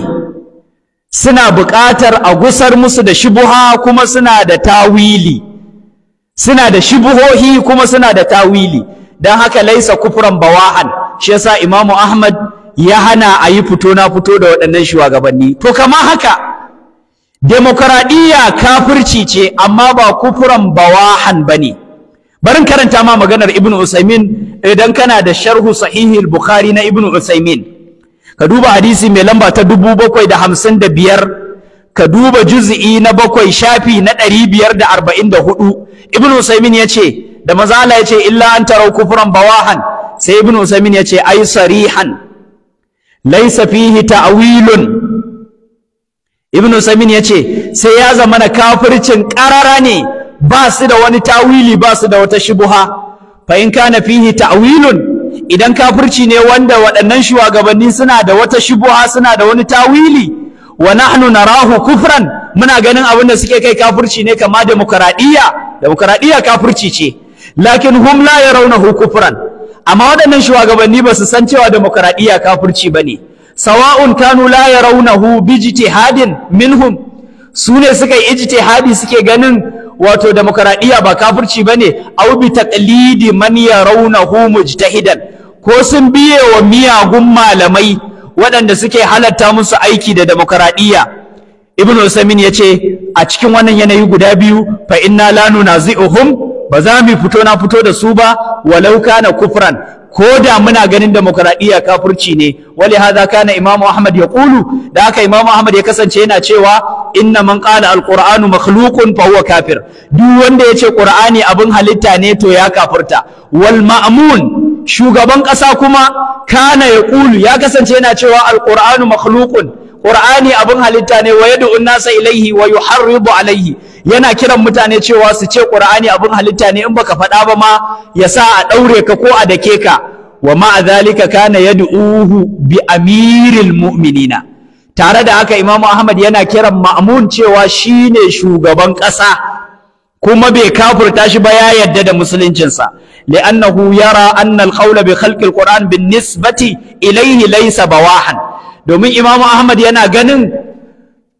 suna buƙatar a gusar musu da shubuha kuma suna da tawili suna da shubuhohi kuma suna da tawili don haka laisa kufran bawahan shi yasa imamu ahmad ya hana a yi fito na fito da waɗannan shugabanni to kama haka demokaradiyya kafirci ce amma ba kufuran bawahan ba ne. barin karanta ma maganar ibn usaimin idan kana da sharhu sahihi bukhari na ibn usaimin ka duba hadisi mai lamba ta dubu bakwai da hamsin da biyar ka duba juz'i na bakwai shafi na ɗari biyar da arba'in da hudu ibn usaimin ya ce da mazala ya ce illa an tarau kufuran bawahan sai ibn usaimin ya ce ai sarihan laisa fihi ta'wilun Ibnu Usaimin ya ce sai ya zama na kafircin ƙarara ne ba su da wani tawili ba su da wata shubuha fa in kana fihi ta'wilun idan kafirci ne wanda waɗannan shugabanni suna da wata shubuha suna da wani tawili wa nahnu narahu kufran muna ganin abin da suke kai kafirci ne kama demokradiyya demokradiyya kafirci ce lakin hum la yarawnahu kufran amma waɗannan shugabanni ba su san cewa demokradiyya kafirci ne. sawa'un kanu la yarawnahu bi ijtihadin minhum su ne suka yi ijtihadi suke ganin wato demokradiyya ba kafirci bane au bi taqlidi man yarawnahu mujtahidan ko sun biye wa miyagun malamai waɗanda suke halatta musu aiki da demokradiyya ibnu usaimin ya ce a cikin wannan yanayi guda biyu fa inna la nunazi'uhum ba za mu fito na fito da su ba walau kana kufran ko da muna ganin demokradiyya kafirci ne wali hadha kana imamu ahmad ya kulu? da aka Imam ahmad ya kasance yana cewa inna man qala alqur'anu makhluqun fa huwa kafir duk wanda ya ce qur'ani abin halitta ne to ya kafirta wal ma'mun shugaban ƙasa kuma kana ya kulu ya kasance yana cewa alƙur'anu makhluqun qur'ani abin halitta ne wa yad'u nasa ilaihi wa yuharridu alaihi yana kiran mutane cewa su ce qur'ani abin halitta ne in baka faɗa ba ma ya sa a ɗaure ka ko a dake ka wa ma'a dhalika kana yad'uhu bi amiril mu'minina tare da haka imamu ahmad yana kiran ma'mun cewa shine shugaban ƙasa kuma bai kafurta shi ba ya yadda da musuluncinsa li'annahu yara anna al-qawla bi khalqi al-qur'an bin nisbati bawahan domin imamu ahmad yana ganin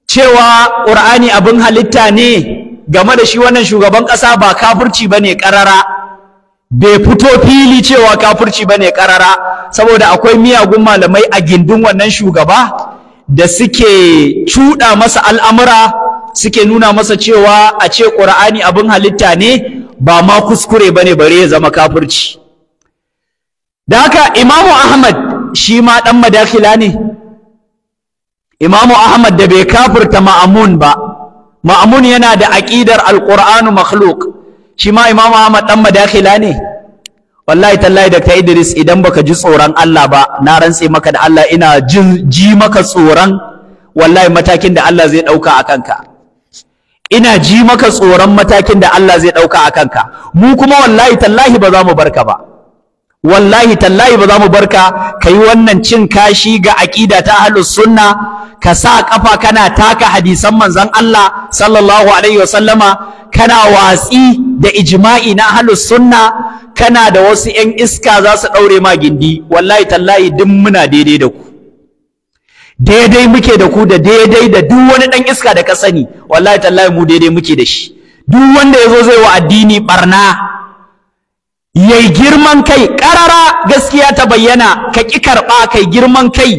cewa ƙur'ani abin halitta ne game da shi wannan shugaban ƙasa ba kafirci ba ne ƙarara bai fito fili cewa kafirci bane ne ƙarara saboda akwai miyagun malamai a gindin wannan shugaba da suke cuɗa masa al'amura suke nuna masa cewa a ce ƙur'ani abin halitta ne ba ma kuskure bane bare ya zama kafirci da haka imamu ahmad shi ma ɗan madakila ne imamu ahmad da bai kafirta ma'amun ba ma'amun yana da aƙidar alƙur'anu makhluk shi ma imamu ahmad ɗan madakila ne wallahi tallahi da idris idan baka ji tsoron allah ba na rantse maka da allah ina ji maka tsoron wallahi matakin da allah zai ɗauka a kanka ina ji maka tsoron matakin da allah zai ɗauka a kanka mu kuma wallahi tallahi ba za mu barka ba wallahi tallahi ba za mu barka ka yi wannan cin kashi ga aƙida ta ahlus sunna ka sa ƙafa kana taka hadisan manzon Allah sallallahu alaihi wasallama kana watsi da ijma'i na ahlus sunna kana da wasu 'yan iska za su ɗaure ma gindi wallahi tallahi duk muna daidai da ku daidai muke da ku da daidai da duk wani ɗan iska da ka sani wallahi tallahi mu daidai muke da shi duk wanda ya zo zai wa addini barna yayi girman kai ƙarara gaskiya ta bayyana ka ki karɓa kai girman kai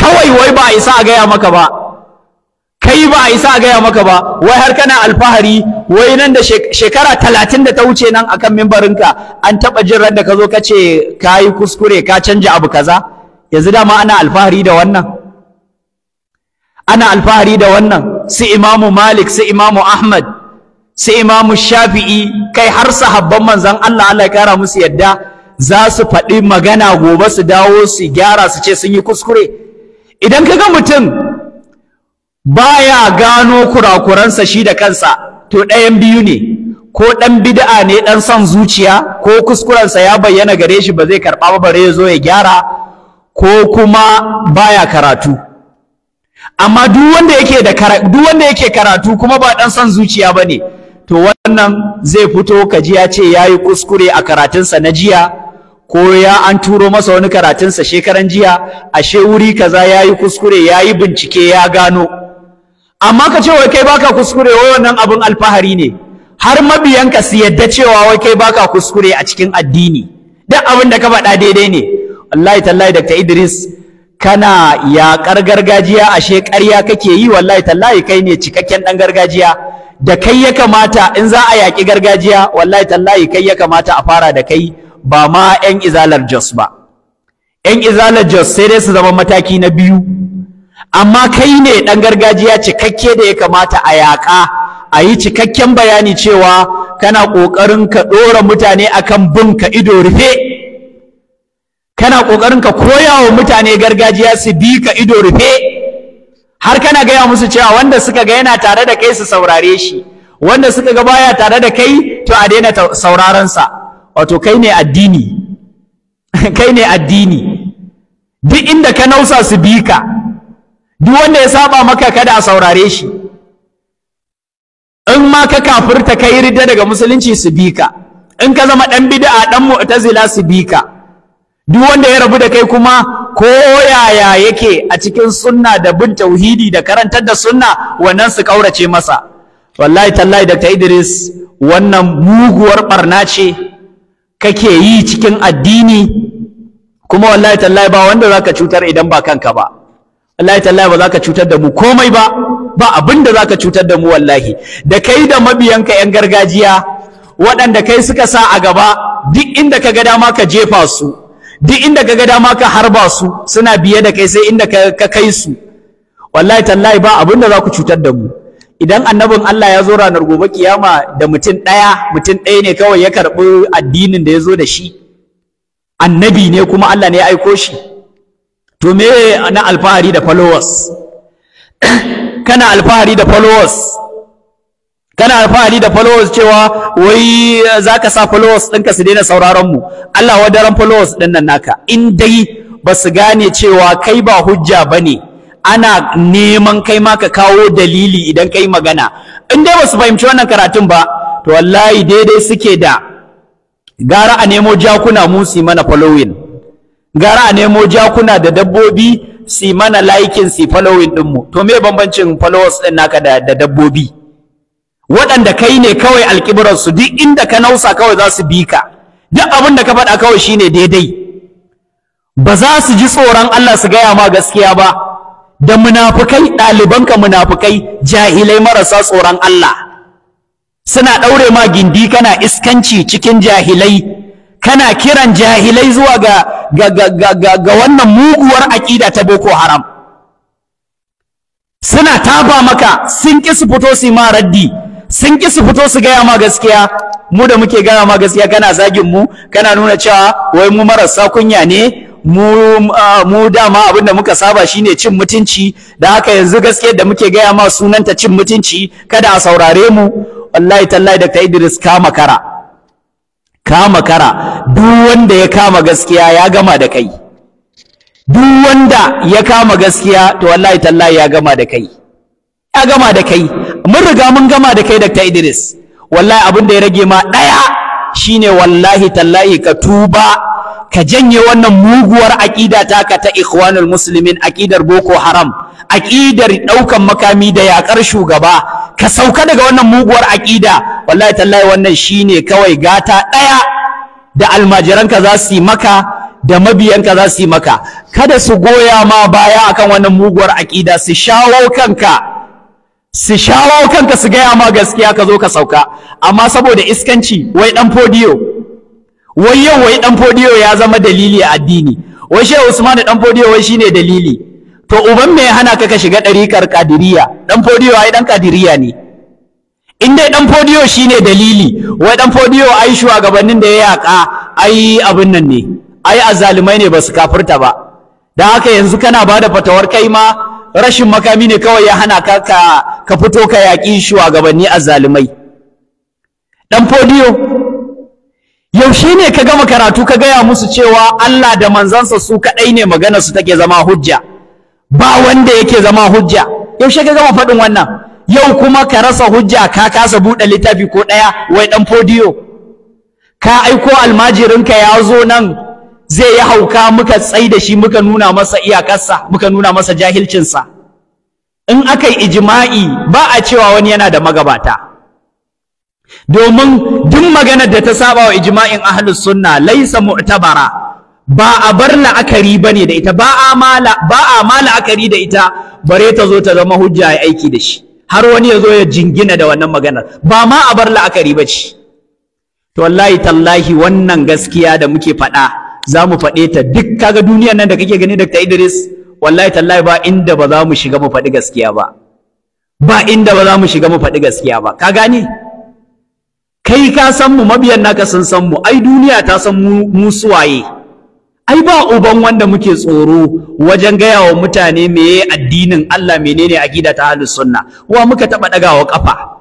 kawai wai ba isa a gaya maka ba kai ba a isa a gaya maka ba wai har kana alfahari wai nan da shekara talatin da ta wuce nan akan mimbarinka an taba jin ran da kazo kace ka kuskure ka canja abu kaza yanzu dama ana alfahari da wannan ana alfahari da wannan su imamu malik su imamu ahmad sai imamu shafi'i kai har sahabban manzon Allah Allah ya kara musu yadda za su faɗi magana gobe su dawo su gyara su ce sun yi kuskure idan ka ga mutum baya gano kurakuransa shi da kansa to ɗayan biyu ne ko ɗan bid'a ne ɗan son zuciya ko kuskurensa ya bayyana gare shi ba zai karɓa ba bare ya zo ya gyara ko kuma baya karatu amma duk wanda yake da duk wanda yake karatu kuma ba ɗan son zuciya bane to wannan zai fito ka ji ya ce ya yi kuskure a karatunsa na jiya ko ya an turo masa wani karatunsa shekaran jiya ashe wuri kaza ya yi kuskure ya yi bincike ya gano amma ka ce wai kai baka kuskure wai wannan abin alfahari ne har mabiyanka su yadda cewa wai kai baka kuskure a cikin addini duk abin da ka faɗa daidai ne wallahi tallahi dr idris kana yaƙar gargajiya ashe ƙarya kake yi wallahi tallahi kai ne cikakken ɗan gargajiya da kai ya kamata in za a yaƙi gargajiya wallahi tallahi kai ya kamata a fara da kai ba ma 'yan izalar jos ba 'yan izalar jos sai dai su zama mataki na biyu amma kai ne ɗan gargajiya cikakke da ya kamata a yaƙa a yi cikakken bayani cewa kana ƙoƙarin ka ɗora mutane akan bin ka ido rufe kana ƙoƙarin ka koya wa mutane gargajiya su bi ka ido rufe har kana gaya musu cewa wanda suka ga yana tare da kai su saurare shi wanda suka ga baya tare da kai to a daina sauraron sa wato kai ne addini *laughs* kai ne addini duk inda ka nausa su bi duk wanda ya saba maka kada a saurare shi in ma ka kafirta kai ridda daga musulunci su bi in ka zama dan bid'a dan mu'tazila su bi duk wanda ya rabu da kai kuma ko yaya yake a cikin sunna da bin tauhidi da karantar da sunna wannan su kaurace masa wallahi tallahi dr idris wannan muguwar barna ce kake yi cikin addini kuma wallahi tallahi ba wanda zaka cutar idan ba kanka ba wallahi tallahi ba zaka cutar da mu komai ba ba abin da zaka cutar da mu wallahi da kai da mabiyanka yan gargajiya waɗanda kai suka sa a gaba duk inda ka ga dama ka jefa su duk inda ka ga dama ka harba su suna biye da kai sai inda ka kai su wallahi tallahi ba abin da za ku cutar da mu idan annabin Allah ya zo ranar gobe kiyama da mutum ɗaya mutum ɗaya ne kawai ya karɓi addinin da ya zo da shi annabi ne kuma Allah ne ya aiko shi to me na alfahari da followers *coughs* kana alfahari da followers kana alfahari da followers cewa wai zaka sa followers ɗinka su daina sauraron mu Allah wadaran followers ɗin nan naka in dai ba su gane cewa kai ba hujja bane ana neman kai ma ka kawo dalili idan kai magana in dai ba su fahimci wannan karatun ba to wallahi daidai suke da gara a nemo jakuna mu su mana following gara a nemo jakuna da dabbobi su mana liking su following ɗinmu to me bambancin followers ɗin naka da dabbobi waɗanda kai ne kawai su duk inda ka nausa kawai za su bi ka duk abin da ka faɗa kawai shine daidai ba za su ji tsoron Allah su gaya ma gaskiya ba da munafukai ɗalibanka munafukai jahilai marasa tsoron Allah suna ɗaure ma gindi kana iskanci cikin jahilai kana kiran jahilai zuwa ga ga wannan muguwar aƙida ta Boko Haram suna taba maka sun ƙi su fito su ma raddi sun ki su fito su gaya ma gaskiya mu da muke gaya ma gaskiya kana zagin mu kana nuna cewa wai mu marasa kunya ne mu mu dama abin da muka saba shine cin mutunci da haka yanzu gaskiyar da muke gaya ma sunanta cin mutunci kada a saurare mu wallahi tallahi da Idris ka makara ka makara duk wanda ya kama gaskiya ya gama da kai duk wanda ya kama gaskiya to wallahi tallahi ya gama da kai ya gama da kai mun riga mun gama da kai Dr. Idris wallahi abin da ya rage ma ɗaya shine wallahi tallahi ka tuba ka janye wannan muguwar aƙida taka ta ikhwanul muslimin aƙidar boko haram aƙidar ɗaukan makami da yaƙar shugaba ka sauka daga wannan muguwar aƙida wallahi tallahi wannan shine kawai gata ɗaya da almajiranka za su yi maka da mabiyanka za su yi maka kada su goya ma baya akan wannan muguwar aƙida su shawo kanka su shawo kanka su gaya ma gaskiya ka zo ka sauka amma saboda iskanci wai dan fodiyo wai yau wai dan fodiyo ya zama dalili a addini wai shehu usman dan fodiyo wai shine dalili to uban me ya hana ka ka shiga ɗarikar kadiriya dan fodiyo ai dan kadiriya ne in dai dan fodiyo shine dalili wai dan fodiyo ai shugabannin da ya yaka ai abin nan ne ai azzalumai ne ba su kafirta ba da haka yanzu kana bada fatawar kai ma rashin makami ne kawai ya hana ka ka fito ka yaƙi shugabanni a azzalumai dan fodiyo yaushe ne ka gama karatu ka gaya musu cewa Allah da manzansa su kaɗai ne magana su take zama hujja ba wanda yake zama hujja yaushe ka gama faɗin wannan yau kuma ka rasa hujja ka kasa buɗe littafi ko ɗaya wai ɗan fodiyo ka aiko almajirinka ya zo nan zai yi hauka muka tsai da shi muka nuna masa iyakarsa muka nuna masa jahilcinsa in aka yi ijima'i ba a cewa wani yana da magabata domin duk maganar da ta saba wa ijima'in ahlus sunna laisa mu'tabara ba a bar la'akari ba ne da ita ba a ma la'akari da ita bare ta zo ta zama hujja ya aiki da shi har wani ya zo ya jingina da wannan maganar ba ma a bar la'akari ba ce to wallahi tallahi wannan gaskiya da muke faɗa za mu faɗe ta duk kaga duniyar nan da kake gani Dr. Idris wallahi tallahi ba inda ba za mu shiga mu faɗi gaskiya ba ba inda ba za mu shiga mu faɗi gaskiya ba ka gani? kai ka san mu mabiyan naka sun san mu ai duniya ta san mu suwaye ai ba uban wanda muke tsoro wajen gaya wa mutane meye addinin Allah menene akida ta ahlus sunna wa muka taɓa wa kafa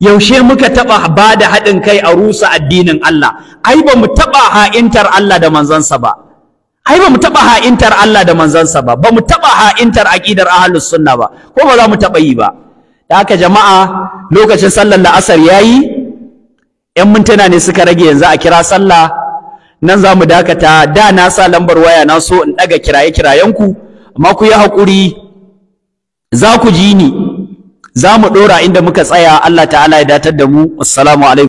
yaushe muka taɓa ba da haɗin kai a rusa addinin Allah ai ba mu taɓa ha'intar Allah da manzansa ba ai ba mu taɓa ha'intar Allah da manzansa ba ba mu taɓa ha'intar aƙidar ahlus sunna ba ko ba za mu taɓa yi ba da haka jama'a lokacin sallar la'asar yayi yan mintuna ne suka rage yanzu a kira sallah nan za mu dakata da na sa lambar waya na so in ɗaga kiraye kirayenku amma ku yi haƙuri za ku ji ni za mu ɗora inda muka tsaya Allah ta'ala ya datar da mu assalamu alaikum